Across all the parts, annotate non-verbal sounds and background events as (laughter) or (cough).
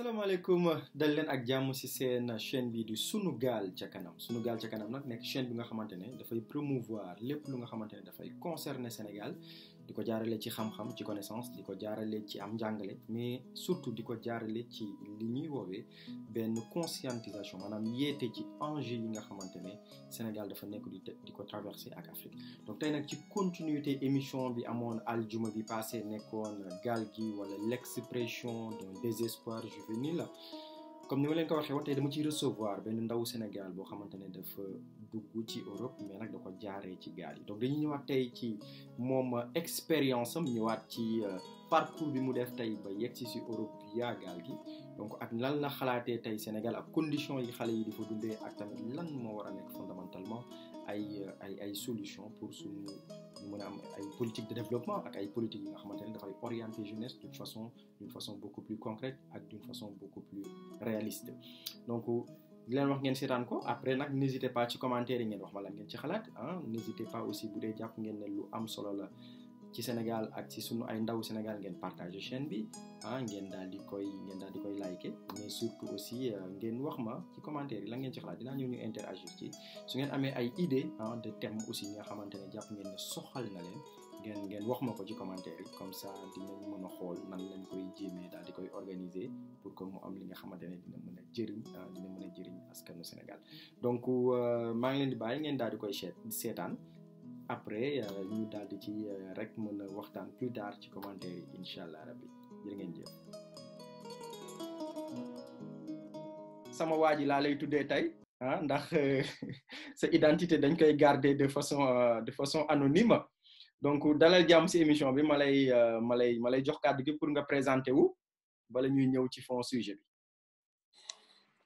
salaamaaleykum dal leen ak jàmm ci seen chaîne bi di sunu gaal ca kanam sunu gaal ca kanam nag nekk chaîne bi nga xamante ne dafay promouvoir lépp lu nga xamante ne dafay concerner Sénégal di ko jaarale ci xam-xam ci connaissance di ko jaarale ci am njàngale mais surtout di ko jaarale ci li ñuy woowee benn conscientisation maanaam yeete ci enjeu yi nga xamante ne Sénégal dafa nekk di di ko traversé ak Afrique donc tey nag ci continuité émission bi amoon aljuma bi passé nekkoon gaal gi wala l'expression d'un désespoir juvénile comme ni ma leen ko waxee woon tey dama ci recevoir benn ndaw Sénégal boo xamante ne dafa dugg ci Europe mais nag da ko jaaree ci gaal yi dañu dañuy ñëwaat tey ci moom euh, expérience am ñëwaat ci euh, parcours bi mu def tey ba yegg ci si Europe yaa gaal gi donc ak lan la xalaatee tey Sénégal ak condition yi xale yi di fa dundee ak tamit lan moo war a nekk fondamentalement ay ay ay solution pour suñu ñu mën a am ay politique de développement ak ay politique yi nga xamante ne dafay orienter jeunesse d'une façon façon beaucoup plus concrète ak d'une façon beaucoup plus réaliste donc di leen wax ngeen seetaan ko après nag n'hésitez pas ci commentaire yi ngeen wax ma lan ngeen ci xalaat ah n'hésitez pas aussi bu dee jàpp ngeen ne lu am solo la ci Sénégal ak ci sunu ay ndaw Sénégal ngeen partage chaîne bi ah ngeen daal di koy ngeen daal di koy liker mais surtout aussi euh, ngeen wax ma ci commentaire yi la ngeen ci xalaat dinaa ñëw ñu interagir ci su ngeen amee ay idée a ah, de thème aussi nga xamante ne jàpp ngeen ne na leen ngeen ngeen wax ma ko ci commentaire yi comme ça dinañ mën a xool nan lañ koy jéemee daal di koy organiser pour que mu am li nga xamante ne dina mën a jëriñ ah, dina mën a jëriñ askanu Sénégal donc euh, maa ngi leen di bàyyi ngeen daal di koy seet seetaan. après euh, ñu daal di ci euh, rek mën a waxtaan plus tard ci commentaire yi incha allah rabbi jërë ngeen jëf. sama waa ji laa lay tuddee tey ah ndax euh, (laughs) sa identité dañ koy garder de façon de façon anonyme donc dala jàmm si émission bi ma lay ma lay ma lay jox kàddu gi pour nga présenter wu bala ñuy ñëw ci fond sujet bi.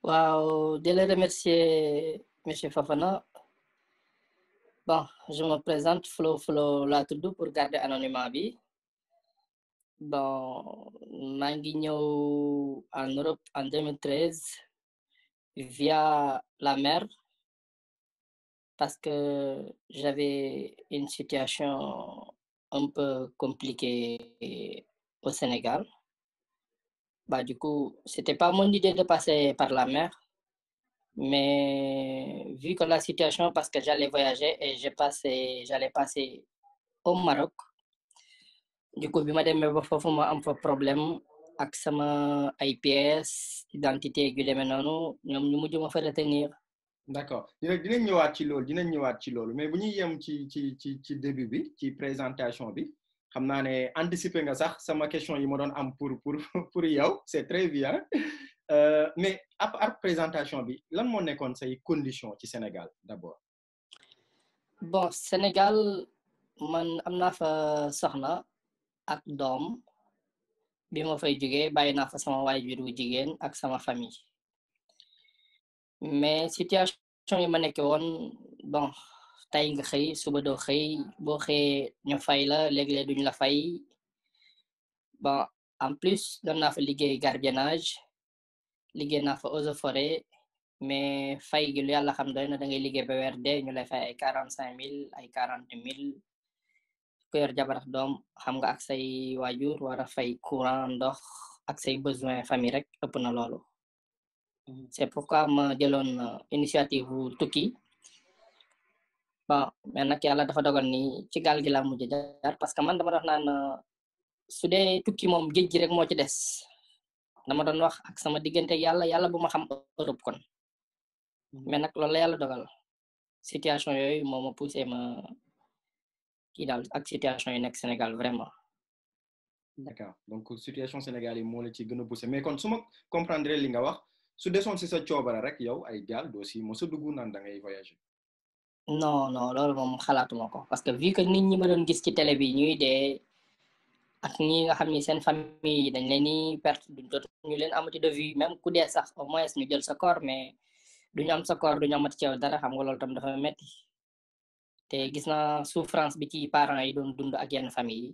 waaw di la remercier monsieur Fafana. bon je me présente Flo Flo laa tudd pour garder anonymat bi bon maa ngi ñëw en Europe en 2013 via la mer parce que j'avais une situation un peu compliquée au Sénégal bah du coup c'était pas mon idée de passer par la mer Mais vu que la situation, parce que j'allais voyager et j'ai passé, j'allais passer au Maroc, du coup, je me am fa problème avec ma IPS, identité aiguë, maintenant, nous devons faire retenir. D'accord. dinañ dinañ ñëwaat ci loolu dinañ ñëwaat ci loolu mais bu ñuy yem ci ci ci ci début bi ci présentation bi xam naa ne anticiper nga sax sama question yi ma doon am pour pour (laughs) pour yow c'est très bien Euh, mais à présentation bi lan moo nekkoon say condition ci Sénégal d'abord. bon Sénégal man am naa fa soxna ak doom bi ma fay jógee bàyyi naa fa sama waajur wu jigéen ak sama famille mais situation yi ma nekk woon bon tey nga xëy suba doo xëy boo xëyee ñu fay la léeg-léeg la fay bon en plus doon naa fa liggéey gardiennage liggéey naa fa eaux et forêt mais fay gi lu yàlla xam doy na da ngay liggéey ba weer dee ñu lay fa ay quarante cinq mille ay quarante mille ku yor jabar doom xam nga ak say waajur war a fay courant ndox ak say besoin famille rek ëpp na loolu mm-hmm. c'est pourquoi ma jëloon euh, initiative tukki bon mais nag yàlla dafa dogal ni ci gaal gi laa mujj jaar parce que man dama dox naan euh, su dee tukki moom géej rek moo ci des dama doon wax ak sama diggante yàlla yàlla bu ma xam Europe kon hmm. mais nag loolu la yàlla dogal situation yooyu moom a poussé ma kii daal ak situation yi nekk Sénégal vraiment. d'accord donc situation Sénégal yi moo la ci gën a poussé kon su ma comprendre li nga wax su desoon si sa coobara rek yow ay gaal doo si mos a dugg naan da ngay voyager. non non loolu moom xalaatuma ko parce que vu que nit ñi ma ci télé bi ñuy ak ñi nga xam ni seen famille yi dañ leen ni perte duñ dootu ñu leen amati de vue même ku dee sax au moins ñu jël sa corps mais duñu am sa du duñu amati ci yow dara xam nga loolu tam dafa metti te gis naa souffrance bi ci parents yi doon dund ak yenn famille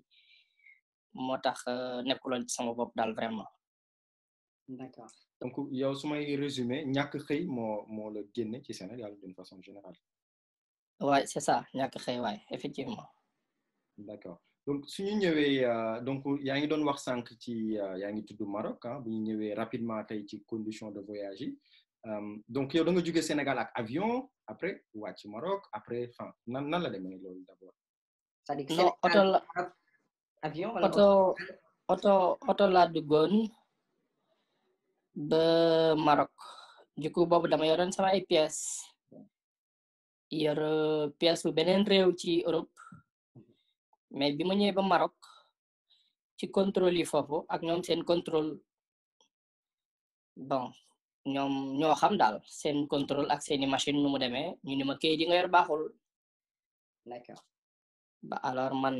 moo tax euh, nekkuloon sama bopp daal vraiment d'accord donc yow su may résumé ñàkk xëy moo moo la ci Sénégal d'une façon ñàkk xëy effectivement d'accord donc su ñu ñëwee euh, donc yaa ngi doon wax sànq ci euh, yaa ngi tudd Maroc ah bu ñu ñëwee rapidement tey ci condition de voyage yi euh, donc yow da nga jóge Sénégal ak avion après wàcc Maroc après fin nan nan la demee loolu d'abord. c'est-à-dire non oto la avion wala oto oto oto laa duggoon ba Maroc du coup boobu dama yoroon sama ay pièces yor pièces bu beneen réew ci Europe. mais bi ma ñëwee ba marok ci contrôle yi foofu ak ñoom seen contrôle bon ñoom ñoo xam daal seen contrôle ak seeni machine nu mu demee ñu ni ma kayit yi nga yor baaxul d'accord ba alors man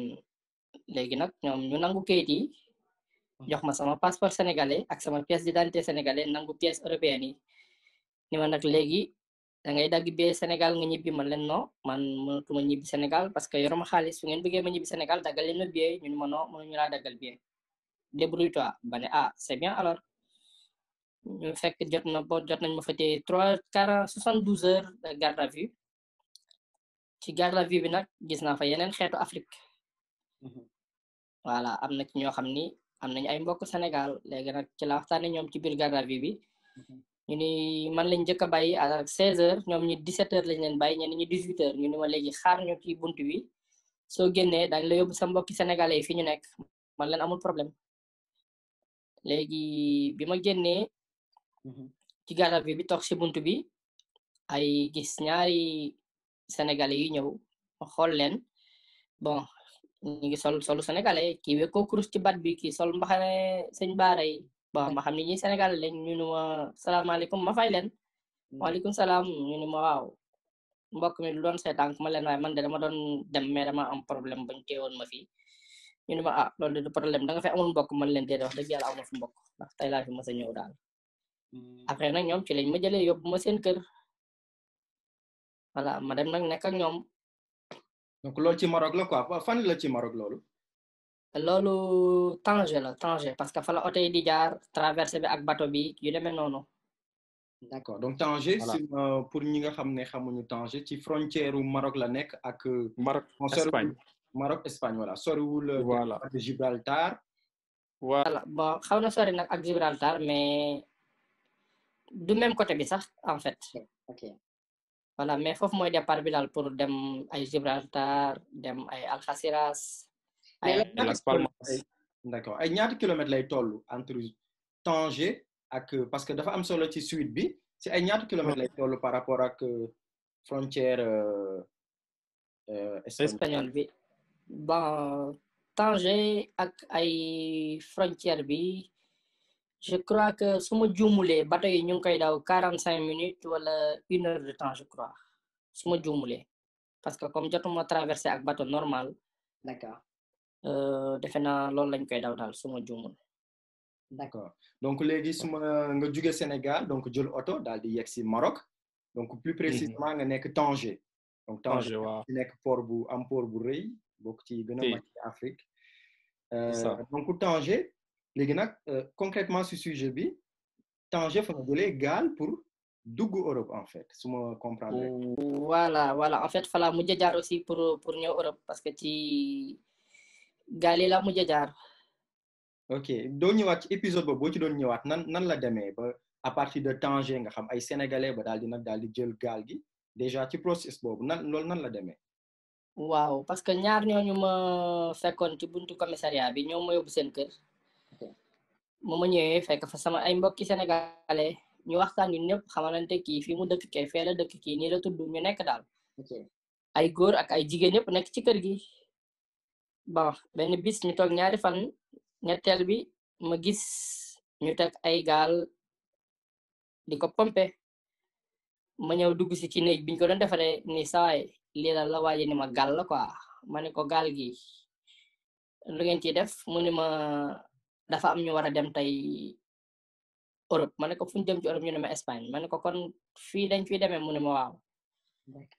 léegi nag ñoom ñu nangu kayit yi jox ma sama passeport sénégalais ak sama pièce d'identité sénégalais nangu pièce européenne yi ni léegi da ngay dagg bee Sénégal nga ñibbi man leen non man mënatuma ñibbi Sénégal parce que yoruma xaalis su ngeen bëggee ma ñibbi Sénégal daggal leen ma bee ñun ma non mënuñu laa daggal bee débrouille-toi ba ne ah c'est bien alors fekk jot na bo jot nañ ma fa téye trois quarante soixante douze heures de garde à vue ci garde à bi nag gis naa fa yeneen xeetu Afrique mhm. voilà am na ci ñoo xam ni am nañu ay mbokk Sénégal léegi nag ci la ñoom ci biir garde à bi mhm. ñu ni man lañ njëkk a bàyyi à 16 ñoom ñi 17h lañ leen bàyyi ñenn ñi 18h ñu ni ma léegi xaar ñu ci buntu bi soo génnee dañ la yóbbu sa mbokki sénégalais yi fi ñu nekk man leen amul problème léegi bi ma génnee mhm. ci garab bi toog si bunt bi ay gis ñaari sénégalais yi ñëw ma xool leen bon ñu ngi sol solu sénégalais kii wekkoo kurus ci bat bi kii sol mbaxane sëñ baara yi bon ma xam ne ñi Sénégal lañ ñu ne ma salaamaaleykum ma fay leen mm. waaleykum salaam ñu ne ma waaw mbokk mi loon se seetaan ma leen waaye man de ma doon dem mais ma am problème bañ teewoon ma fii ñu ne ma ah loolu du da nga fay amul mbokk man leen dee wax dëgg yàlla amu fi mbokk ndax tey laa fi mës a ñëw daal mm. après nag ñoom ci lañ ma jëlee yóbbu ma seen kër voilà ma dem nag nekk ak ñoom donc loolu ci Maroc la quoi fan la ci Maroc loolu loolu Tanger la Tanger parce que fa la oto yi di jaar traversé bi ak bato bi yu demee noonu. d' Tanger. Euh, pour ñi nga xam ne xamuñu Tanger ci frontière u Maroc la nekk ak. Euh, Maroc Espagne Maroc Espagne voilà soriwul. Euh, voilà Gibraltar. voilà xaw na sori nag ak Gibraltar mais du même côté bi sax en fait. ok mais foofu mooy départ bi pour dem ay Gibraltar dem ay Alxasiras. de Las ay ñaata kilomètres lay toll entre Tanger ak euh, parce que dafa am solo ci suite bi si ay ñaata kilomètres lay toll par rapport ak euh, frontière euh, espagnole bi bon Tanger ak ay frontière bi je crois que su ma juumulee bato yi ñu ngi koy daw quarante cinq minutes wala une heure de temps je crois su ma juumulee parce que comme jotuma traversé ak bato normal d'accord Euh, defe naa loolu lañ koy daw daal suma juumul d'accord donc léegi suma nga juge Sénégal donc jël oto daal di yegg si Maroc donc plus précisément nga nekk Tanger donc Tanger waaw nekk poor bu am port bu rëy bokk ci gën a mag ci Afrique euh, donc Tanger léegi nag euh, concrètement si sujet bi Tanger fa nga jëlee gaal pour dugg Europe en fait su comprendre voilà voilà en fait fala mujj jaar aussi pour pour Europe parce que ci gaal yi la mujj a jaar. ok doo ñëwaat ci épisode boobu boo ci doon ñëwaat nan nan la demee ba à de Tanger nga xam ay sénégalais ba daal di nag daal di jël gaal gi déjà ci process boobu nan loolu nan la demee. waaw parce que ñaar ñooñu ma fekkoon ci buntu commissariat bi ñoom ma yóbbu seen kër. ma ma ñëwee fekk fa sama ay mbokki sénégalais ñu waxtaan ñun ñëpp xamalante kii fii mu dëkk kee fee dëkk kii nii la tudd ñu nekk daal. ay góor ak ay jigéen ñëpp nekk ci kër gi. bon benn bis ñu toog ñaari fan ñetteel bi ma gis ñu teg ay gaal di ko pompe ma ñëw dugg si ci néeg biñ ko doon defaree ni saay lii la la waaje ni ma gaal la quoi ma ne ko gaal gi lu ngeen ciy def mu ne ma dafa am ñu war a dem tey Europe ma ne ko fu ñu dem ci Europe ñu ne ma Espagne ma ne ko kon fii dañ fi demee mu ne ma waaw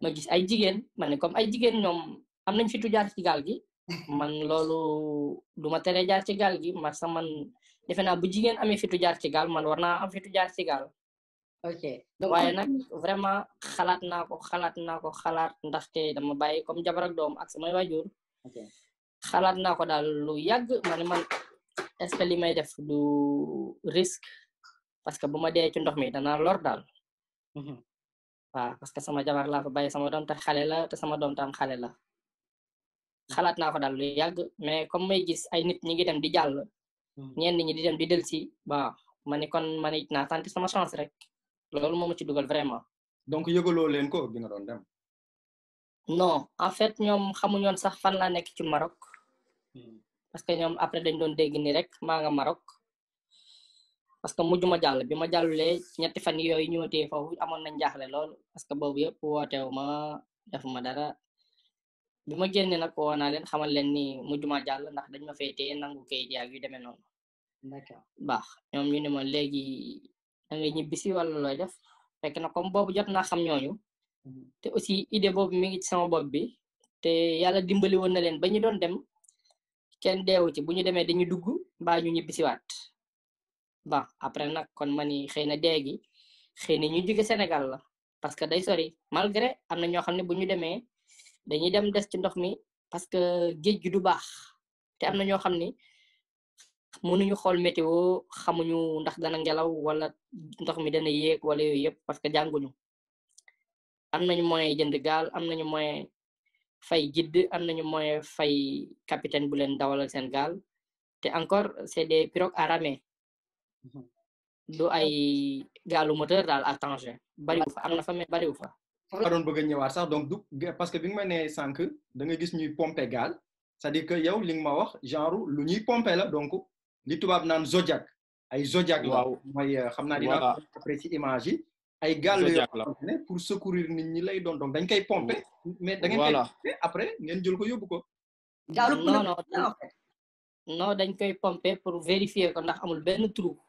ma gis ay jigéen ma ne comme ay jigéen ñoom am nañ fi tujaar ci gaal gi man loolu du ma tere jaar ci gaal gi ma sa man defe naa bu jigéen amee fitu jaar ci gaal man war naa am fitu jaar ci gaal. ok donc waaye nag vraiment xalaat naa ko xalaat naa ko xalaat ndaxte dama bàyyi kom jabar ak doom ak samay waajur. ok xalaat naa ko daal lu yàgg ma ne est-ce que li may def du risque parce que bu ma dee ci ndox mi danaa lor daal. Mhm. waaw parce que sama jabar laa fa bàyyi sama doom te xale la te sama doom tam xale la. xalaat naa fa daal lu yàgg mais comme may gis ay nit ñi ngi dem di jàll. Hmm. ñenn ñi di dem di delsi waaw ma ni kon ma ni naa tenter sama chance rek loolu moo ma ci dugal vraiment. donc yëgaloo leen ko bi nga doon dem. non en fait ñoom xamuñoon sax fan laa nekk ci Maroc. Hmm. parce que ñoom après dañ doon dégg rek maa nga Maroc. parce que mujj ma jàll bi ma jàllulee ñetti fan yooyu ñëwatee foofu amoon nañ jaaxle lool parce que boobu yëpp wooteewu ma defuma dara bi ma génne nag ko naa leen xamal leen ni mujjuma jàll ndax dañ ma fay nangu kayit yaag yu demee noonu. d'accord baax ñoom ñu ne ma léegi da ngay ñibbisi wala looy def fekk na comme boobu jot naa xam ñooñu. Mm-hmm. te aussi idée boob mi ngi ci sama bopp bi te yàlla dimbali woon na leen ba ñu doon dem kenn deewu ci bu ñu demee dañuy dugg mbaa ñu ñibbisiwaat ba après nag kon ma ni xëy na dee xëy na ñu jóge Sénégal la parce que day sori malgré am na ñoo xam ne bu ñu demee dañuy dem des ci ndox mi parce que géej gi du baax te am na ñoo xam ni mënuñu xool météo xamuñu ndax dana ngelaw wala ndox mi dana yéeg wala yooyu yëpp parce que jànguñu am nañu moyen jënd gaal am nañu moyen fay jidd am nañu moyen fay capitaine bu leen dawalal seen gaal te encore c'est des pirogues à rame mhm. du ay gaalu moteur daal à Tanger bariwu fa am na fa mais bariwu fa fa doon bëgg a ñëwaat sax donc parce que bi nga ma nee sànq da nga gis ñuy pompe gaal c'est-à-dire yow li nga ma wax genre lu ñuy pompe la donc ni tubaab naan zodiac ay zodiac la mooy euh, xam naa dinaa après ci image yi ay gaal la pour secourir nit ñi lay doon donc dañ koy pompe mais da ngeen koy après ngeen jël ko yóbbu ko gaalu non non non dañ koy pompe pour vérifier ko ndax amul benn trou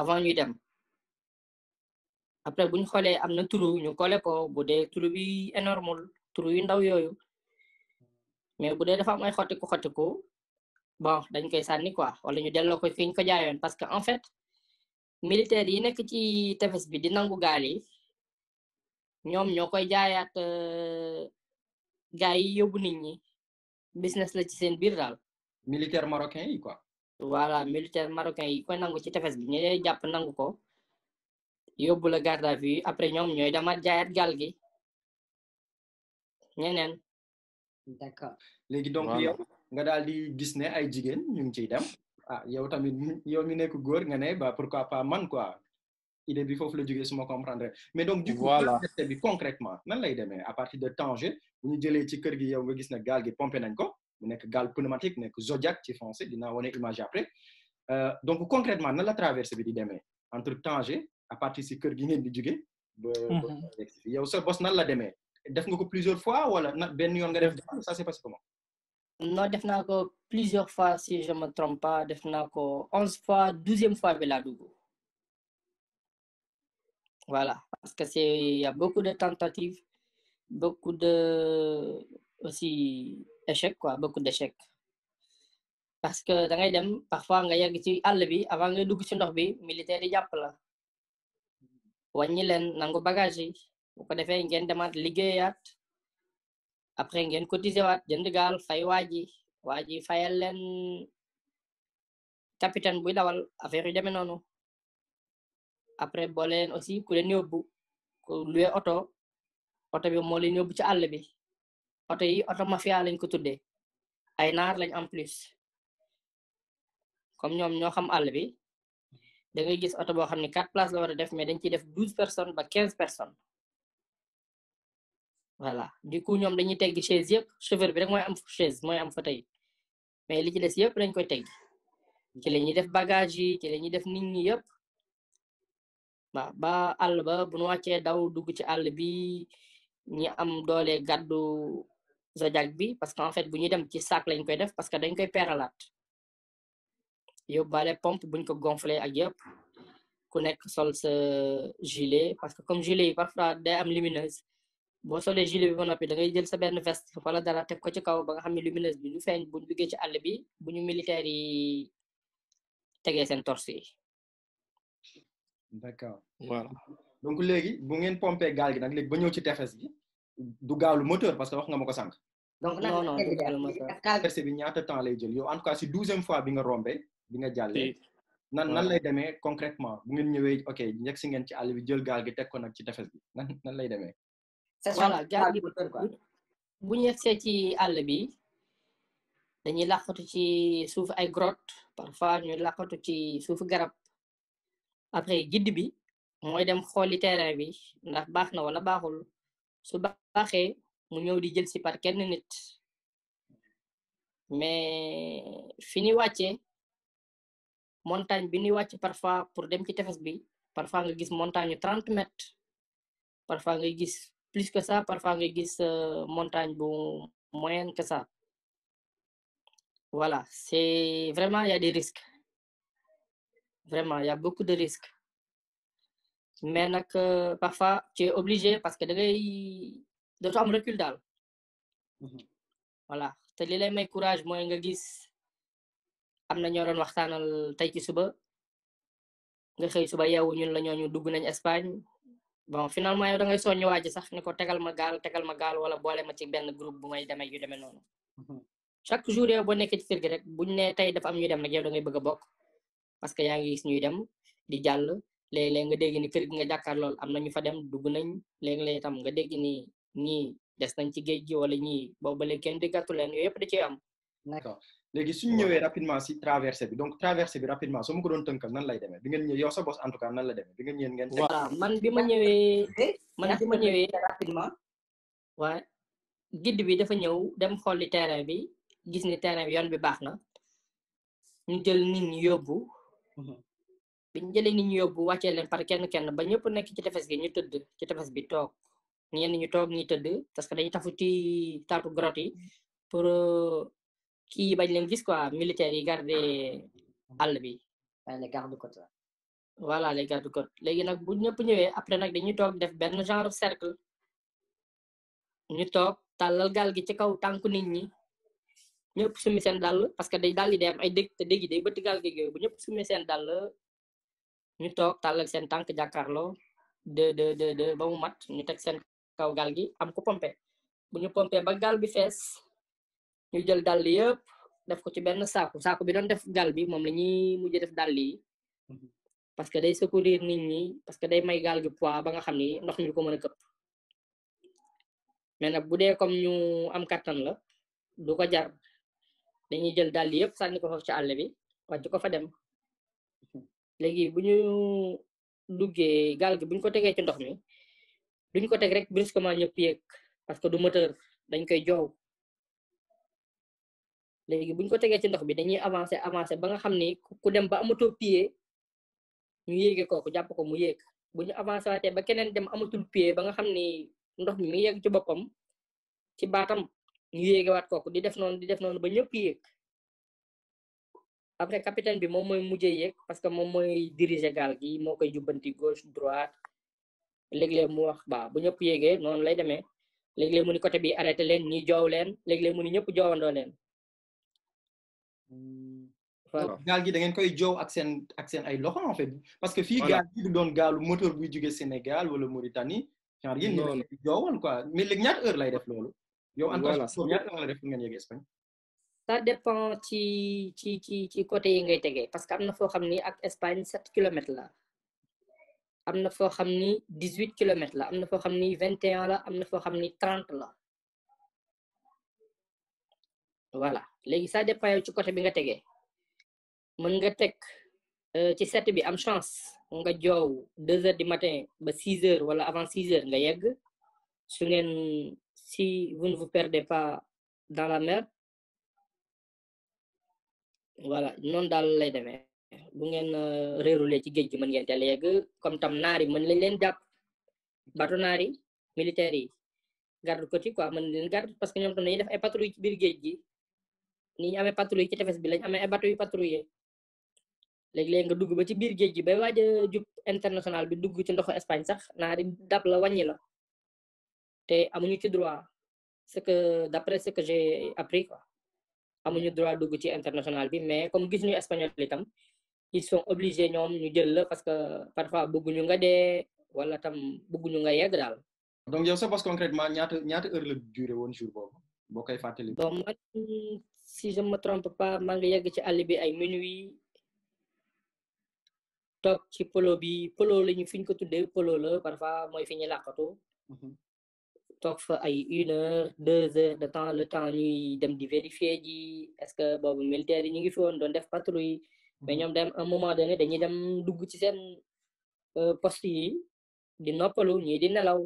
avant ñuy dem après bu ñu xoolee am na turu ñu kole ko bu dee turu bi énormul turu yu ndaw yooyu mais bu dee dafa am ay xottiku xottiku bon dañ koy sànni quoi wala ñu delloo ko fi ñu ko jaayoon parce que en fait militaire yi nekk ci tefes bi di nangu gaal yi ñoom ñoo koy jaayaat euh, gaay yi yóbbu nit ñi business la ci seen biir daal. militaire marocain yi quoi. voilà militaire yi koy nangu ci tefes bi ñu jàpp nangu ko. yóbbu la garde à vue après ñoom ñooy dama jaayaat gaal gi ñeneen. d'accord léegi donc yow nga daal di gis ne ay jigéen ñu ngi ciy dem ah yow tamit yow mi nekk góor nga ne ba pourquoi pas man quoi idée bi foofu la jógee suma comprendre mais donc du coup test bi concrètement nan lay demee à partir de Tanger bu ñu jëlee ci kër gi yow nga gis ne gaal gi pompé nañ ko mu nekk gaal pneumatique nekk Zodiac ci français dinaa wane image après euh, donc concrètement nan la traversée bi di demee entre Tanger à partir si kër gi ngeen di jugee. ba mhm. yow bos nan la demee. def nga ko plusieurs fois wala na benn yoon nga def ça s'est passé def naa ko plusieurs fois si je me pas def naa ko onze fois douzième fois bi laa dugg. voilà parce que c'est y a beaucoup de tentatives beaucoup de aussi échecs quoi beaucoup d'échecs. parce que da ngay dem parfois nga yegg ci àll bi avant nga dugg ci ndox bi militaire yi jàpp la. wàññi leen nangu bagage yi bu ko defee ngeen demaat liggéeyaat après ngeen cotiser waat jënd gaal fay waaji waaji fayal leen capitaine buy dawal affaire yu demee noonu après boole leen aussi ku leen yóbbu ku luwe oto oto bi moo leen yóbbu ci àll bi oto yi oto mafia lañ ko tuddee ay naar lañ en plus comme ñoom ñooxam xam àll bi da gis oto boo xam ne quatre places la war a def mais dañ ciy def douze personnes ba quinze personnes voilà du coup ñoom dañuy tegg chaise yëpp chauffeur bi rek mooy am chaise mooy am fauteuil mais li ci des yëpp dañ koy teggi ci la ñuy def bagage yi ci la def nit ñi yëpp waaw ba àll ba bu nu wàccee daw dugg ci àll bi ñi am doole gàddu zodiac bi parce que en fait bu ñuy dem ci sac lañ koy def parce que dañ koy peeralaat yóbbaale pompe buñ ko gonfler ak yëpp ku nekk sol sa gilet parce que comme gilet yi parfois day am lumineuse boo solee gilet bi ba noppi da jël sa benn veste wala dara teg ko ci kaw ba nga xam ne lumineuse bi du feeñ buñ duggee ci àll bi bu ñu militaire yi tegee seen torse yi. d'accord mm. voilà donc bu ngeen pompé gaal gi nag léegi ba ñëw ci tefes gi du gaalu moteur parce que wax nga ma ko sànq. donc nan la ñu bi ñaata temps lay jël yow en tout cas si douzième fois bi nga rombé. bi nga jàllee nan nan lay demee concretement bu ngeen ñëwee ok njëkk si ngeen ci àll bi jël gaal gi teg ko ci tefes bi nan lay demee c'est ça gi bu ñu yegsee ci àll bi dañuy làqatu ci suuf ay grotte parfois ñu làqatu ci suufu garab après gidd bi mooy dem xooli terrain bi ndax baax na wala baaxul su baaxee mu ñëw di jël si par kenn nit mais fi ñu wàccee montagne bi ñuy wàcc parfois pour dem ci tefes bi parfois nga gis montagne yu trente mètres parfois nga gis plus que ça parfois nga gis euh, montagne bu moyen que ça voilà c'est vraiment il y a des risques vraiment il y beaucoup de risques mais nag euh, parfois tu es obligé parce que da ngay dootoo am recul daal mhm. te li lay may courage mooy nga gis am na ñoo doon waxtaanal tey ci suba nga xëy suba yeewu ñun la ñooñu dugg nañ Espagne bon finalement yow da ngay soññu waaji sax ni ko tegal ma gaal tegal ma gaal wala boole ma ci benn groupe bu may demee yu demee noonu mhm. chaque jour yow boo nekkee ci sirgi rek buñ ne tey dafa am ñuy dem rek yow da ngay bëgg a bokk parce que yaa ngi gis ñuy dem di jàll léeg-léeg nga dégg ni kër nga jàkkaar lool am na ñu fa dem dugg nañ léeg-léeg itam nga dégg ni ñii des nañ ci géej gi wala ñii boobu ba kenn di gàttu leen yëpp da ciy am d'accord léegi suñ ñëwee rapidement si traversée bi donc traversée bi rapidement soo ma ko doon tënkal nan lay demee bi ngeen ñëw yow sa boss en tout cas nan la demee bi ngeen ñëw ma ñëwee. man bi ma ñëwee bi dafa ñëw dem xooli terrain bi gis ni terrain bi yoon bi baax na ñu jël ni ñu yóbbu. Mhm. bi ñu jëlee nit ñi yóbbu wàccee leen par kenn kenn ba ñëpp nekk ci tefes gi ñu tëdd ci tefes bi toog ñenn ñu toog ñi tëdd parce que dañ tafu ti taatu grotte pour. Euh, kii bañ leen gis quoi militaires yi garde ah. àll bi. waaye les garde côtes voilà le garde côtes léegi nag bu ñëpp ñëwee après nag dañuy toog def benn genre cercle ñu toog tàllal gal gi ci kaw tànku nit ñi ñëpp sumi seen dàll parce que day daal di dem ay dégg te dégg day bëtt gaal gi ñëpp sumi seen dàll ñu toog tàllal seen tànk jàkkaarloo de de de ba mu mat ñu teg seen kaw gaal gi am ku pompe bu ñu pompe ba gaal bi fees. ñu jël dàll yëpp def ko ci benn saako saako bi doon def gal bi moom la ñuy mujj def dàll yi mhm. parce que day secourir nit ñi parce que day may gaal gi poids ba nga xam ni ndox mi ko mën a këpp mais nag bu dee comme ñu am kattan la du ko jar dañuy jël dàll yëpp sànni ko ci àll bi wàcc ko fa dem mhm. léegi bu ñu duggee gaal gi buñ ko tegee ci ndox mi duñ ko teg rek brusquement ñëpp yéeg parce que du moteur dañ koy joow léegi buñ ko tegee ci ndox bi dañuy avancer avancer ba nga xam ni ku dem ba amatul pied ñu yéege kooku jàpp ko mu yéeg bu ñu avancer waatee ba keneen dem amatul pied ba nga xam ni ndox mi mu yéeg ci boppam ci baatam ñu yéegewaat kooku di def noonu di def noonu ba ñëpp yéeg après capitaine bi moom mooy mujjee yéeg parce que moom mooy diriger gaal gi moo koy jubbanti gauche droite léeg-léeg mu wax ba bu ñëpp yéegee noonu lay demee léeg-léeg mu ni côté bi arrêté leen ni joow leen léeg-léeg mu ni ñëpp joowandoo leen gaal gi da ngeen koy joow ak seen ak seen ay loxo en parce que fi gaal gi doon gaalu motor buy jóge Sénégal wala Mauritanie genre yéen ñi koy joowal quoi heure lay def loolu yow en tant que ñaata heure lay def pour dépend ci ci ci ci côté yi ngay tegee parce que am na foo xam ni ak Espagne sept kilomètres la am na foo xam ni dix huit kilomètres la am na foo xam ni vingt et un la am na foo xam ni trente la voilà léegi ça dépend ci côté bi nga tegee mën nga teg euh, ci set bi am chance nga joow deux heures du matin ba six heures wala avant six heures nga yegg su ngeen si vous ne vous pas dans la mer voilà noonu daal lay demee bu ngeen euh, réerulee ci géej gi mën ngeen teel yegg comme tam naari mën lañ leen jàpp bato naari militaires yi garde côtier quoi mën leen garde parce que ñoom tam dañuy def ay patrouille ci biir géej gi ni ñu amee patrouille ci tefes bi lañ amee ay bateau yu patrouiller léegi nga dugg ba ci biir géej gi bay waaj a international bi dugg ci ndoxu Espagne sax naa di dab la wàññi la te amuñu ci droit ce que d'après ce que j'ai appris quoi amuñu droit dugg ci international bi mais comme gis ñu espagnol itam ils sont obligés ñoom ñu jël la parce que parfois bëgguñu nga dee wala tam bëgguñu nga yegg daal. donc yoo sax boss concrètement ñaata ñaata heure la duré woon jour boobu boo koy si je me trompe pas maa ngi yegg ci àll bi ay minuit toog ci polo bi polo la ñu fi ñu ko tuddee polo la parfois mooy fi ñu làqatu mhm. toog fa ay une heure deux heures de temps le temps ñuy dem di vérifier ji est-ce que boobu militaire yi ñu ngi fi woon doon def patrouille mhm. mais ñoom dem un moment donné dañuy dem dugg ci seen euh, poste yi di noppalu ñii di nelaw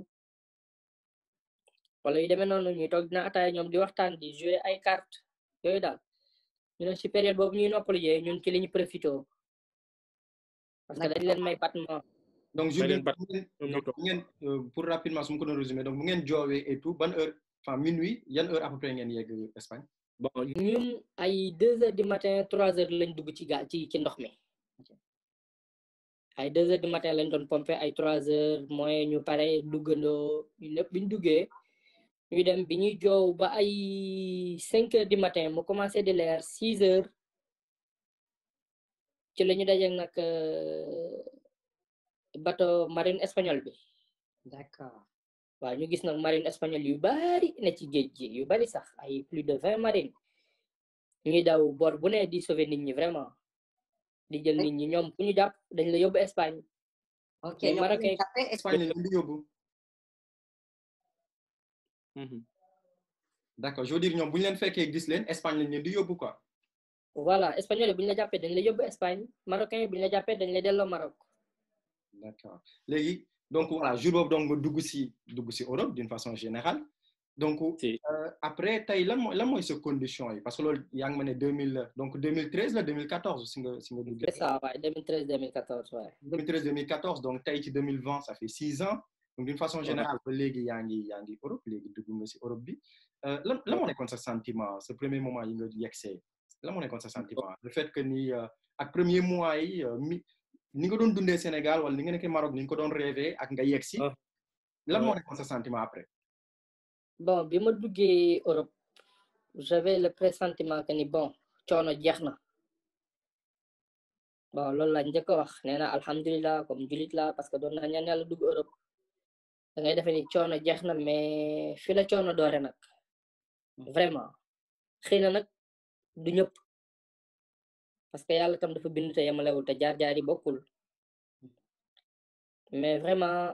wala yu demee noonu ñuy toog dina ataaya ñoom di waxtaan di jouer ay carte yooyu daal ñu ne si période boobu ñuy noppalu jee ñun ci li ñu parce que dañ leen may battement donc Julien ngeen euh, pour rapidement su ma ko doon résumé donc bu ngeen joowee et tout ban heure enfin minuit yan heure à peu près ngeen Espagne ñun ay deux heures du matin trois heures lañ dugg ci gaa ci ci mi ay deux heures du matin lañ doon pompé ay trois heures mooy ñu pare duggandoo ñun ñëpp bi ñu ñu dem bi ñuy joow ba ay cinq heures du matin mu commencé di leer six heures ci la ñu daje nag euh, bato marine espagnole bi d'accord waaw ñu gis nag marine espagnole yu bari ne ci géej yu bari sax ay plus de vingt marine ñuy daw bor bu ne di sauver nit ñi vraiment di jël nit ñi ñoom ku ñu jàpp dañ la yóbbu Espagne ok Marocain Espagne la yóbbu hum hum je veux dire ñoom bu ñu leen fekkee gis leen Espagne lañ leen di yóbbu quoi. voilà espagnol bu ñu la jàppee dañ la yóbbu Espagne marocain bu ñu la jàppee dañ la delloo Maroc. d' accord léegi donc voilà jour boobu donc nga dugg si dugg si Europe d' une façon générale. donc euh, après tey lan mooy lan condition yi parce que loolu yaa ngi deux mille treize la deux mille quatorze si nga si nga. c' deux mille treize deux mille quatorze waay. deux mille deux mille quatorze donc deux mille vingt donc d'une façon générale ba léegi yaa ngi Europe léegi dugg nga Europe eh, bi lan lan moo nekkoon sa sentiment sa premier moment yi nga yegsee lan moo nekkoon sa sentiment le fait que ni eh, ak premier mois yi eh, mi ni nga doon dundee Sénégal wala ni nga nekkee Maroc ni nga ko doon rêvé ak nga yegsi ah. lan moo nekkoon sa sentiment après bon bi ma duggee Europe j'avais le pressentiment que ni bon coono jeex na bon loolu laa njëkk a wax nee comme julit la parce da ngay defee ni coono jeex na mais fi la coono doore nag vraiment xëy na nag du ñëpp parce que yàlla tam dafa bind te yemalewul te jaar-jaar yi bokkul mais vraiment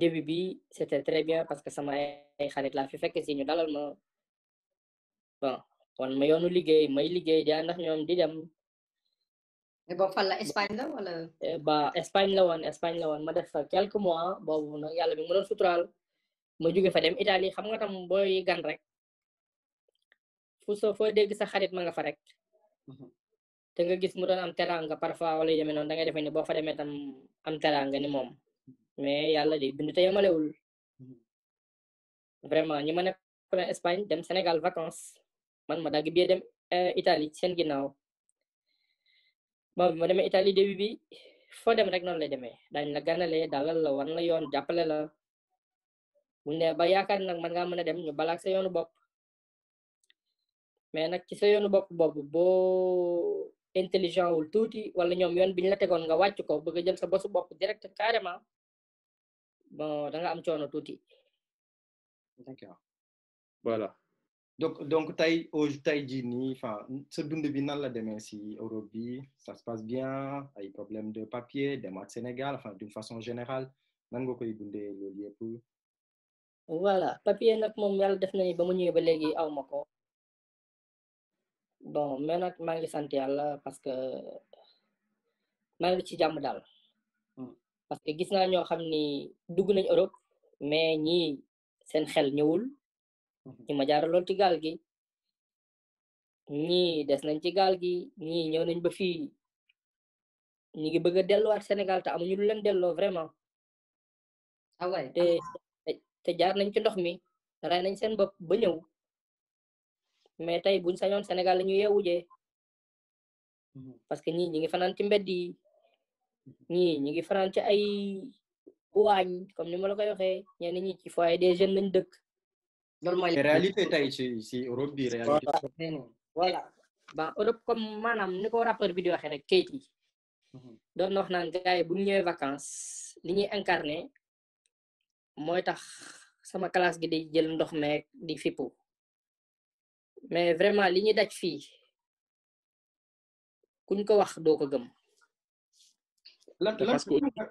début bi c'était très bien parce que sama ay xarit laa fi fekk si ñu dalal ma bon wan ma yoonu liggéey may liggéey di ànd ñoom di dem boobu fan la Espagne la eh, ba Espagne la woon Espagne la woon ma def fa quelques mois boobu nag yàlla bi ma doon ma jóge fa dem Italie xam nga tam boy gan rek fu soo foo dégg sa xarit ma nga fa rek. Mhm. te nga gis mu doon am teraanga parfois wala yu demee noonu da ngay defee ne boo fa demee tam am teraanga ni moom mais yàlla di bindu te yemalewul mhm. vraiment ñi ma nekk Espagne dem Sénégal vacances man ma dagg bi dem eh, Italie seen ginnaaw. moom ma demee Italie début bi foo dem rek noonu lay demee daañu la ganalee dalal la wan la yoon jàppale la bu ne ba yaakaar na man ngaa mën a dem ñu balaak sa yoonu bopp mais nag ci sa yoonu bopp boobu boo intelligent wul tuuti wala ñoom yoon bi ñu la tegoon nga wàcc ko bëgg a jël sa bosu bopp direct carrément bon danga am coono tuuti. d'accord donc donc tey au tey jii nii enfin sa dund bi nan la demee si Europe bi ça se passe bien ay problème de papier demaat Sénégal enfin d'une façon générale nan nga koy dundee loolu yëpp. papier nag moom yàlla def nañu ba mu ñëwee ba léegi aw ma ko bon mais nag maa ngi sant yàlla parce que maa ngi ci jàmm daal. Hmm. parce que gis naa ñoo xam ni dugg nañ Europe mais ñii seen xel ñëwul. i ma jaaraloon ci gaal gi ñii des nañ ci gaal gi ñii ñëw nañ ba fii ñi ngi bëgg a delluwaat Sénégal te amuñu lu leen delloo vraiment ah waay ah. te te jaar nañ ci ndox mi ray nañ seen bopp ba ñëw mais tey buñ sañoon Sénégal la ñu yeewujee mhm. parce que ñii ñi ngi fanaan ci mbedd yi mhm. ñii ñi ngi fanaan ci ay waañ comme ni ma la koy waxee ñenn ñi ci foyer des jeunes lañ dëkk loolu mooy réalité tey ci ci Europe bi réalité voilà ba Europe comme maanaam ni ko rappeur bi di waxee rek kayit yi mhm. doon wax naan gars yi bu li ñuy incarné mooy tax sama classe gi di jël ndox meeg di fippu mais vraiment li ñuy daj fii kuñ ko wax doo ko gëm lan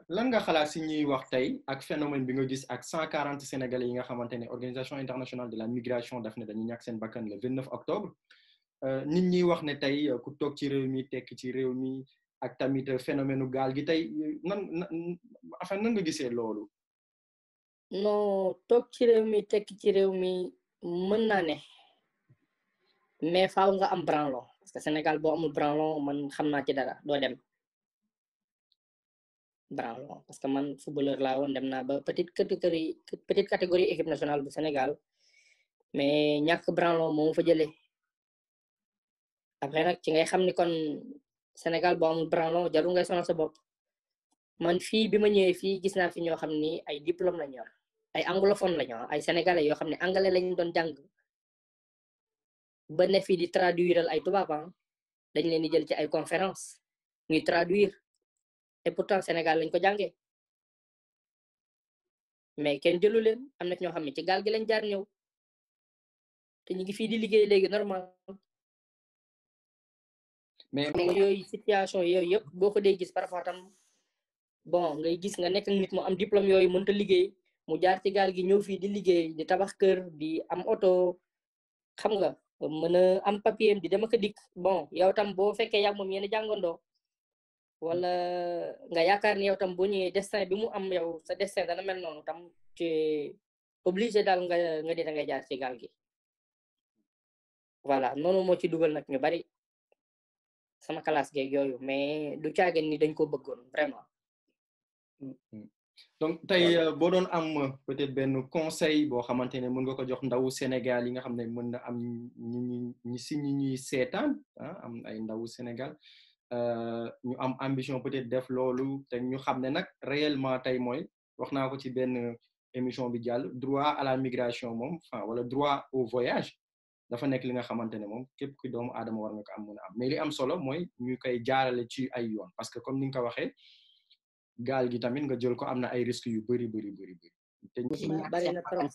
lan nga xalaat si ñuy wax tey ak phénomène bi nga gis ak cent quarante sénégalais yi nga xamante ne organisation internationale de la migration daf ne dañu ñàkk seen bakkan le vingt neuf octobre euh, nit ñi wax ne tey euh, ku toog ci réew mi tekk ci réew mi ak tamit euh, gaal gi tey nan enfin nan nga gisee loolu non toog ci réew mi tekk ci réew mi mën naa ne mais faaw nga am branlon parce que Sénégal boo amul branlon man xam naa ci dara dem Dralo parce que man footballeur laa woon dem naa ba petite catégorie petite catégorie équipe nationale bu Sénégal mais ñàkk Dralo moo fa jëlee après nag ci ngay xam ni kon Sénégal boo amul Dralo jarul ngay sonal sa bopp man fii bi ma ñëwee fii gis naa fi ñoo xam ni ay diplôme la ñu yor ay anglophone la ñu yor ay sénégalais yoo xam ne anglais lañu doon jàng ba ne fii di traduire ay tubaab dañ leen di jël ci ay conférence ñuy traduire. et pourtant Sénégal lañ ko jàngee mais kenn jëlu leen am na ñoo xam ne ci gaal gi lañ jaar ñëw te ñu ngi fii di liggéey léegi normal. mais yooyu situation yooyu yëpp boo ko dee gis parfois tam bon ngay gis nga nekk nit mu am diplôme yooyu mënut a liggéey mu jaar ci gaal gi ñëw fii di liggéey di tabax kër di am oto xam nga mën a am papier di dem ak dikk bon yow tam boo fekkee yaa moom yéen a wala nga yaakaar ni yow tam boo ñëwee destin bi mu am yow sa destin dana mel noonu tam ci obligé daal nga nga dina jaar ci gaal gi voilà noonu moo ci dugal nag ñu bari sama classe geeg yooyu mais du caagin ni dañ ko bëggoon vraiment mm, mm. donc tey euh, boo doon am benn conseil boo xamante ne mën nga ko jox ndawu Sénégal yi nga xam ne mën na am ñi ñi ñi si ñi ñuy seetaan ah, am ay ndawu Sénégal Euh, ñu am ambition peut-être def loolu te ñu xam ne nag réellement tey mooy wax naa ko ci benn émission bi jàll droit à la migration moom enfin wala droit au voyage dafa nekk li na xamante ne moom képp ki doomu aadama war nga ko am mën am mais li am solo mooy ñu koy jaarale ci ay yoon parce que comme ni nga ko waxee gaal gi tamit nga jël ko am na ay risques yu bëri bëri bëri bëri te bëri na trop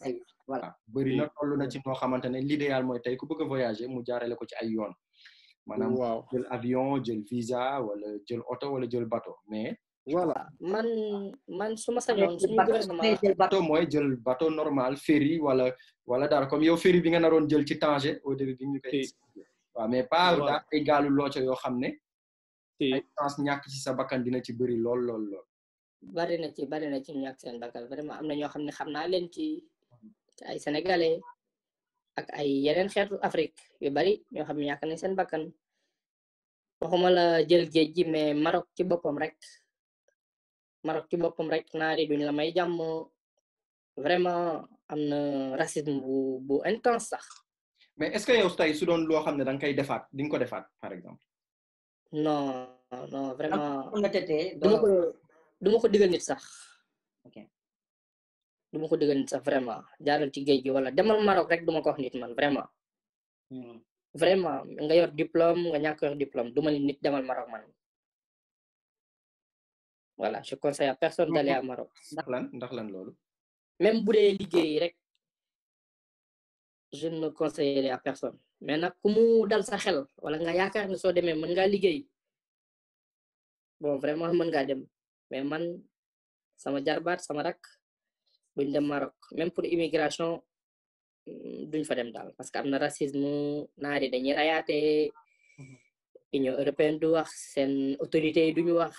voilà bëri na toll na ci mm. noo xamante ne l'idéal mooy tey ku bëgg a voyager mu jaarale ko ci ay yoon maanaam jël avion jël visa wala jël oto wala jël bato mais voilà man man su ma sañoon suñu gouvernement mooy jël bato normal ferry wala wala daal comme yow ferry bi nga naroon jël ci Tanger au début bi mais pas daal ay gaalu looco yoo xam ne ay chance ñàkk ci sa bakkan dina ci bëri lool lool lool ci bari na ci ñàkk seen bakkan vraiment am na ñoo xam ne xam naa leen ci ay sénégalais ak ay yeneen xeetu Afrique yu bari ñoo xam ne ñàkk nañ seen bakkan waxuma la jël géej gi mais Maroc ci boppam rek Maroc ci boppam rek naari duñ la may jàmm vraiment am na racisme bu bu intense sax. mais est-ce que yow tey su doon loo xam ne da nga koy defaat di ko defaat par exemple. non non vraiment. du ma ko du ko digal sax. du ma ko digal nit sax vraiment jaaral ci géej gi wala demal Maroc rek du ma ko wax nit man vraiment hmm. vraiment nga yor diplôme nga ñàkk yor diplôme du ma ni nit demal Maroc man voilà je conseille à personne d'aller à Maroc ndax lan ndax lan loolu même bu dee liggéey rek je ne conseillerais à personne mais nag ku mu dal sa xel wala nga yaakaar ne soo demee mën ngaa liggéey bon vraiment mën ngaa dem mais man sama jarbaat sama rak buñ dem Maroc même pour immigration mm, duñ fa dem daal parce que am na racisme naari dañuy rayaate mhm. union européenne du wax seen autorité yi duñu wax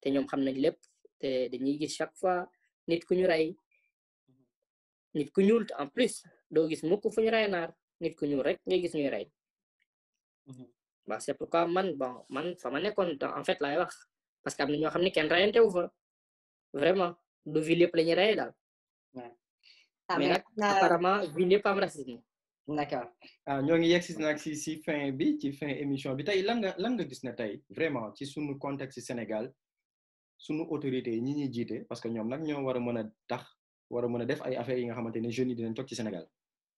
te ñoom xam nañ lépp te dañuy gis chaque fois nit ku ñu rey mhm. nit ku ñuul en plus doo gis mukk fu ñu rey naar nit ku ñuul rek ngay gis ñuy rey waaw mhm. c'est pourquoi man bon man nekkoon en fait laay wax parce que am na ñoo xam ne kenn reyante wu vraiment du vie lépp la ñuy rey daal. mais nag apparemment vie lépp am racisme. ñoo ngi yegg si nag si si fin bi ci fin émission bi tey lan nga lan nga gis ne tey vraiment ci sunu contexte Sénégal sunu autorités yi ñi ñuy jiite parce que ñoom nag ñoo war a mën a tax wara mën a def ay affaires yi nga xamante ne jeunes yi dinañ toog ci Sénégal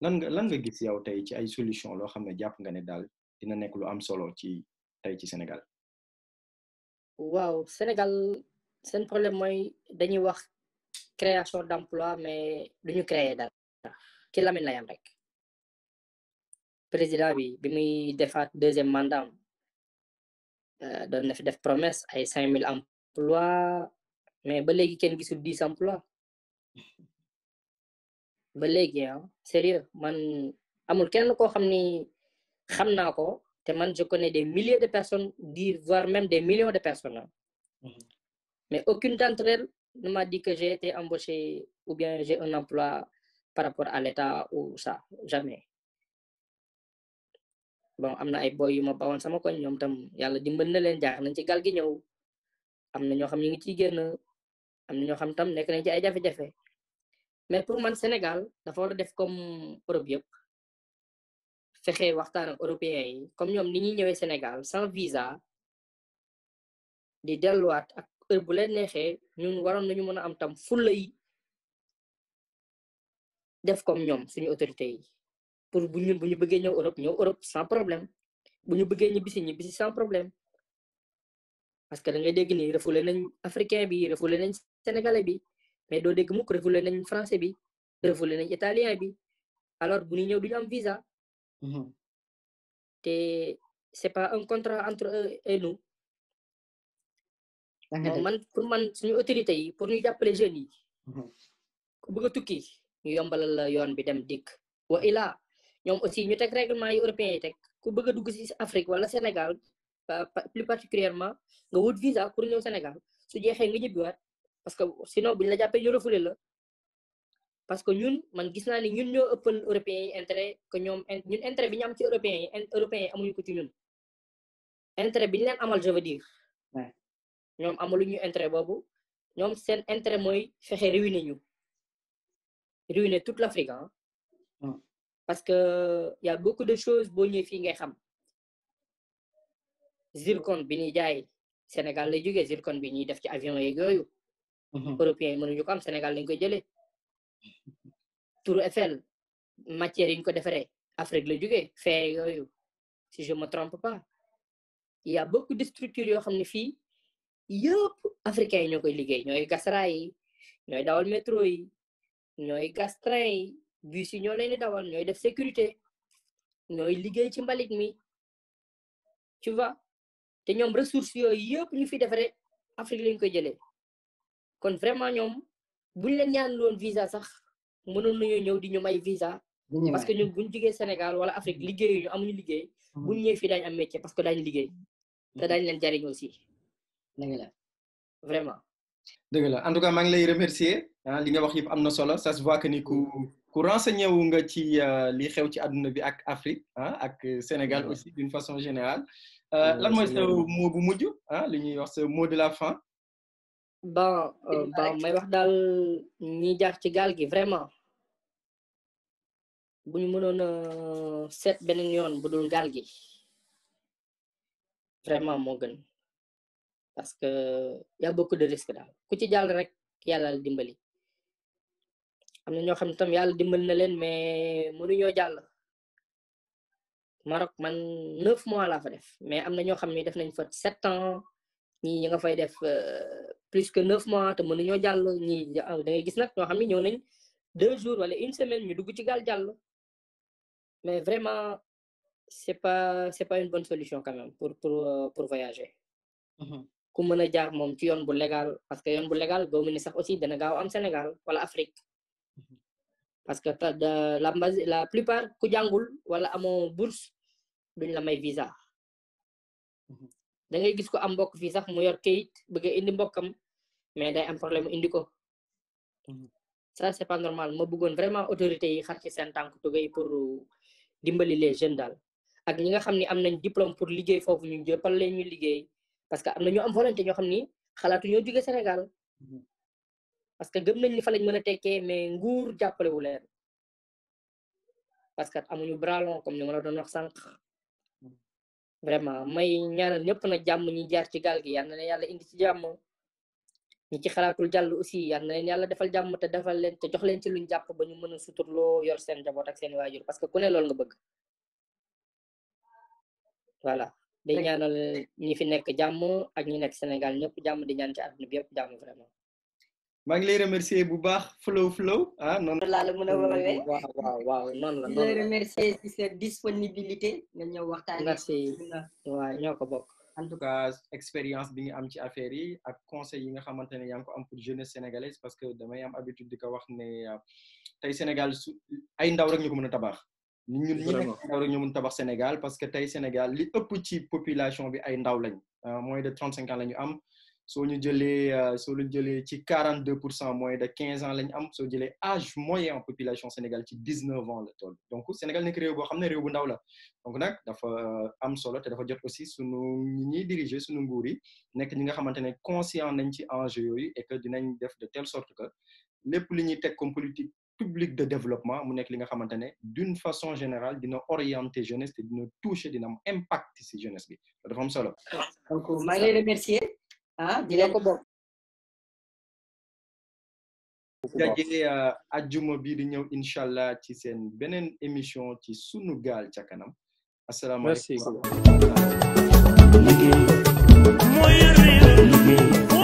lan nga lan nga gis yow tey ci ay solution loo xam ne jàpp nga ne daal dina nekk lu am solo ci tey ci Sénégal. waaw Sénégal seen problème mooy dañuy wax création d'emploi mais du ñu créer dara ci Lamine la yam rek président bi bi muy defaat deuxième mandat doon eh, na fi def promesse ay cinq mille emplois mais ba léegi kenn gisul dix emplois ba léegi oh? sérieux man amul kenn koo xam ni xam naa ko te man je connais des milliers de personnes dire voire même des millions de personnes mais mm-hmm. aucune d'entre elles ne m'a dit que j'ai été embauché ou bien j'ai un emploi par rapport à l'État ou ça, jamais. bon am na ay boy yu ma bawoon sama koñ ñoom tam yàlla dimbal na leen jaar nañ ci gaal gi ñëw am na ñoo xam ñu ngi ciy génn am na ñoo xam tam nekk nañ ci ay jafe-jafe mais pour man Sénégal dafa war def comme Europe yëpp fexe waxtaan ak yi comme ñoom ni ñuy ñëwee Sénégal sans visa di delluwaat heure bu leen neexee ñun waroon nañu mën a am tam fulla yi def comme ñoom suñu autorité yi pour bu ñun bu ñu bëggee ñëw Europe ñëw Europe problème bu ñu bëggee ñibbisi ñibbisi sans problème parce que da ngay dégg ni refoulé nañ africain bi refoulé nañ sénégalais bi mais doo dégg mukk refoulé nañ français bi refoulé nañ italien bi alors bu ñu ñëw duñu am visa mm-hmm. te c'est pas un contrat entre eux man pour man suñu autorité yi pour ñu jàppale jeunes yi. Mhm. ku bëgg a tukki ñu yombalal la yoon bi dem dikk. wa illah ñoom aussi ñu teg règlement yi européen yi teg ku bëgg a dugg si Afrique wala Sénégal plus particulièrement nga wut visa pour ñëw Sénégal su jeexee nga ñibbiwaat parce que sinon buñ la jàppee ñu refoulé la. parce que ñun man gis naa ni ñun ñoo ëppal européens yi intérêt que ñoom ñun bi ñu am ci européens yi européens yi amuñu ko ci ñun bi ñu leen amal je ñoom amul ñu intérêt boobu ñoom seen intérêt mooy fexe ruiner ñu ruiner toute l'Afrique mm. parce que ya a beaucoup de choses boo ñëwee fii ngay xam zircon bi ñuy jaay Sénégal lay jógee zircon bi ñuy def ci avion yeeg yooyu. Mm-hmm. européens yi mënuñu am Sénégal lañ koy jëlee. Tour Eiffel matière yi ko defaree Afrique la jógee fer yooyu si je me trompe pas il beaucoup de structures yoo xam ne fii. yëpp africain yi ñoo koy liggéey ñooy gas yi ñooy dawal métro yi ñooy gas train yi bus yi ñoo leen di dawal ñooy def sécurité ñooy liggéey ci mbalit mi tu vois te ñoom ressources yooyu yëpp ñu fi defaree Afrique lañ koy jëlee kon vraiment ñoom buñ leen ñaan loon visa sax mënoon nañoo ñëw di ñu may visa parce que ñun buñ jugee Sénégal wala Afrique liggéey ñu amuñu liggéey buñ mm. ñëwee fi daañu am métier parce que daañu liggéey te mm. daañu leen jariñ aussi dëgg la vraiment. dëgg la en tout cas maa ngi lay remercier ah, li nga wax yëpp am na solo ça se voit que ni ku ku renseigné nga ci euh, li xew ci àdduna bi ak Afrique ah, ak Sénégal aussi d'une façon générale. Euh, lan mooy sa mot bu mujj ah li ñuy wax sa mot de la fin. bon euh, bon may wax daal ñi jaar ci gaal gi vraiment bu ñu mënoon a seet beneen yoon gaal gi vraiment moo gën. parce que ya a beaucoup de risques daal ku ci jàll rek yàlla dimbali am na ñoo xam ne tam yàlla dimbali na leen mais ñoo jàll Maroc man neuf mois laa fa def mais am na ñoo xam ni def nañ fa sept ans ñi ñi nga fay def euh, plus que neuf mois te ñoo jàll ñi ah, da ngay gis nag ñoo xam ne ñoo nañ deux jours wala une semaine ñu dugg ci gaal jàll mais vraiment c'est pas c'est pas une bonne solution quand pour pour euh, pour voyager. Mm-hmm. ku mën a jaar moom ci yoon bu légal parce que yoon bu légal gëmu ni sax aussi dana gaaw am Sénégal wala Afrique mhm. parce que la la plupart ku jàngul wala amoo bourse duñ la may visa mhm. da gis ko am mbokk fii sax mu yor kayit bëgg indi mbokkam mais day am problème indi ko mhm. ça c'est pas normal ma bëggoon vraiment autorité yi xar ci seen tànk tugay pour dimbali les jeunes daal ak ñi nga xam ne am na diplôme pour liggéey foofu ñu jëppal leen ñu liggéey parce que am na ñoo am volonté ñoo xam ni xalaatu ñoo jóge Sénégal mhm. parce que gëm nañ ni fa lañ mën a tekkee mais nguur jàppale wu leen parce que amuñu bras long comme ni ma la doon wax sànq mhm. vraiment may ñaanal ñëpp na jàmm ñi jaar ci gaal gi yal na leen yàlla indi ci jàmm ñi ci xalaatul jàll aussi yal na leen yàlla defal jàmm te defal leen te jox leen ci ñu jàpp ba ñu mën a suturloo yor seen jaboot ak seen waajur parce que ku ne loolu nga bëgg voilà di ñaanal ñi fi nekk jàmm ak ñi nekk Sénégal ñëpp jàmm di ñaan ci àdduna bi yëpp jàmm vraiment. maa lay remercier bu baax flow flow ah noonu laa la mën a woowee waaw waaw waaw noonu la lay remercier ci sa disponibilité nga ñëw waxtaan merci waaw ñoo ko bokk en tout cas expérience bi nga am ci affaire yi ak conseil yi xamante ne yaa ngi am pour jeunesse parce que damay am habitude di ko wax ne euh, tey Sénégal su ay ndaw rek ñu ko mën a ñun ñi mun tabax Sénégal parce que tey Sénégal li ëpp ci population bi ay ndaw lañ euh, moins de trente cinq ans la ñu am soo ñu jëlee euh, soo ñu jëlee ci quarante deux pour cent moins de quinze ans la am soo jëlee âge moyen en population Sénégal ci dix neuf ans la toll donc Sénégal nekk réew boo xam ne réew bu ndaw la donc nag dafa euh, am solo te dafa jot aussi sunu ñi ñuy diriger sunu nguur yi nekk ñi nga xamante ne conscient nañ ci enjeu yooyu et dinañ def de telle sorte que lépp li ñuy teg comme politique publique de développement mu nekk li nga xamante ne d'une façon générale dina orienter jeunesse te dina toucher dina impact ci jeunesse bi dafa am solo. donc maa ngi remercier ah di la ko bokk. jagee euh, ajjuma bi di ñëw incha allah ci seen beneen émission ci sunu gaal ca kanam asalaamaaleykum. merci.